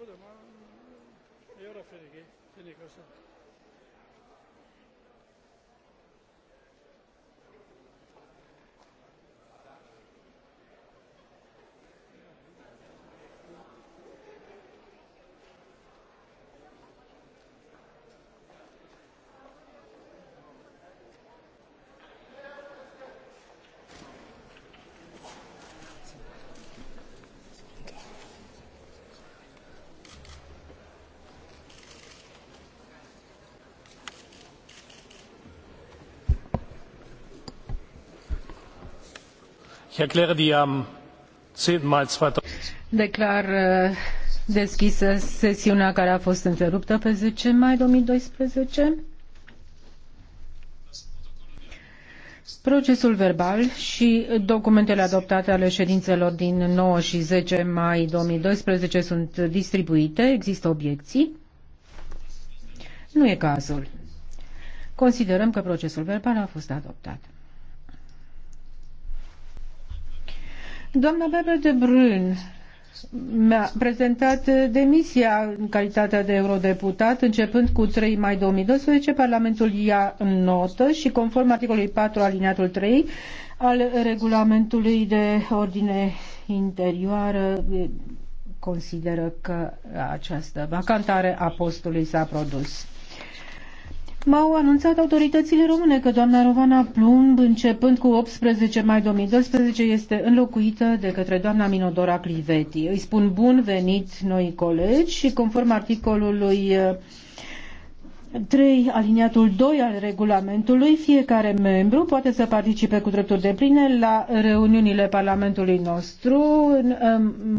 Scuze, ma. E rău, Fenică, Fenică, Declar uh, deschisă sesiunea care a fost întreruptă pe 10 mai 2012. Procesul verbal și documentele adoptate ale ședințelor din 9 și 10 mai 2012 sunt distribuite. Există obiecții? Nu e cazul. Considerăm că procesul verbal a fost adoptat. Doamna Barbara de Brun mi-a prezentat demisia în calitatea de eurodeputat începând cu 3 mai 2012. Parlamentul ia în notă și conform articolului 4 aliniatul 3 al regulamentului de ordine interioară consideră că această vacantare a postului s-a produs m-au anunțat autoritățile române că doamna Rovana Plumb, începând cu 18 mai 2012, este înlocuită de către doamna Minodora Cliveti. Îi spun bun venit noi colegi și conform articolului 3. Uh, aliniatul 2 al regulamentului, fiecare membru poate să participe cu drepturi de pline la reuniunile Parlamentului nostru. În, um,